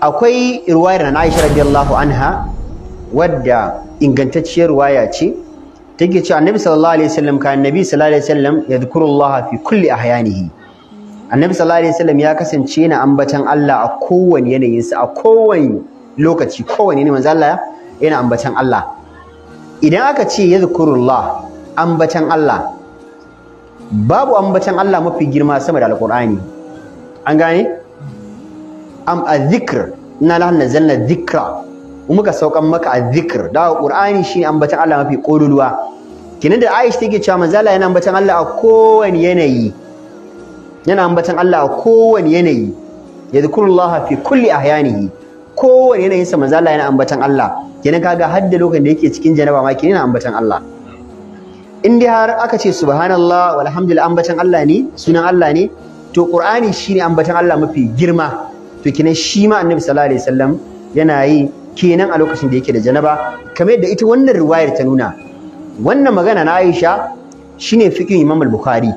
akwai ruwayar na Aisha radiyallahu anha wadda ingantacciyar ruwaya ce take cewa Annabi sallallahu alaihi wasallam ka Annabi sallallahu alaihi wasallam hafi fi kulli ahyanihi Annabi sallallahu alaihi wasallam ya kasance yana ambatan Allah a kowane yanayin sa a kowane lokaci kowane ne manzo Allah yana ambatan Allah idan aka ce yadhkurullah ambatan Allah babu ambatan Allah mafi girma sama da alqur'ani an gane am adh-dhikr inna la nazzalna dhikra muka saukan maka a dhikr da qur'ani shine ambatan Allah mafi kololuwa kinan da Aisha take cewa manzo Allah yana ambatan Allah a kowane yanayi yana ambatan Allah a kowane yanayi yadhkurullaha fi kulli ahyanihi kowane yanayinsa manzo Allah yana ambatan Allah Kinin kaga har da lokacin da yake cikin janaba ma kenan ambatan Allah in dai har aka ce subhanallah walhamdulillah ambatan Allah ne sunan Allah ne to qur'ani shine ambatan Allah mafi girma to kenan shi ma annabi sallallahu alaihi wasallam yana yi kenan a lokacin da yake da janaba kamar yadda ita wannan riwayar ta nuna wannan magana na Aisha shine fikin Imam al-Bukhari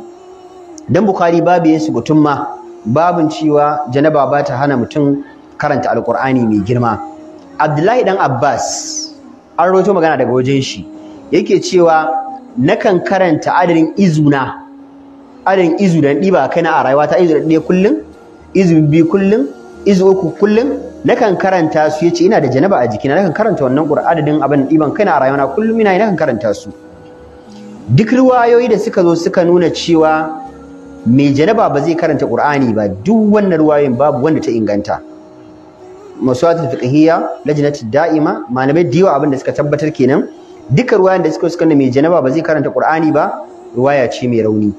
dan Bukhari babu yin subutun ma babun cewa janaba ba ta hana mutum karanta alqur'ani mai girma Abdullahi dan Abbas an rawaito magana daga wajen shi yake cewa nakan karanta adadin izuna adadin izu da ɗiba na a rayuwa ta izu da kullum izu biyu kullun izu uku kullum nakan karanta su yace ina da janaba a jikina nakan karanta wannan qur'adadin abin iban kaina a rayuwana kullum ina nakan karanta su duk ruwayoyi da suka zo suka nuna cewa mai janaba ba zai karanta qur'ani ba duk wannan ruwayoyin babu wanda ta inganta maswatul fiqhiyya lajnatid da'ima malamai diwa abin da suka tabbatar kenan duka ruwayan da suka suka nuna mai janaba ba zai karanta qur'ani ba ruwaya ce mai rauni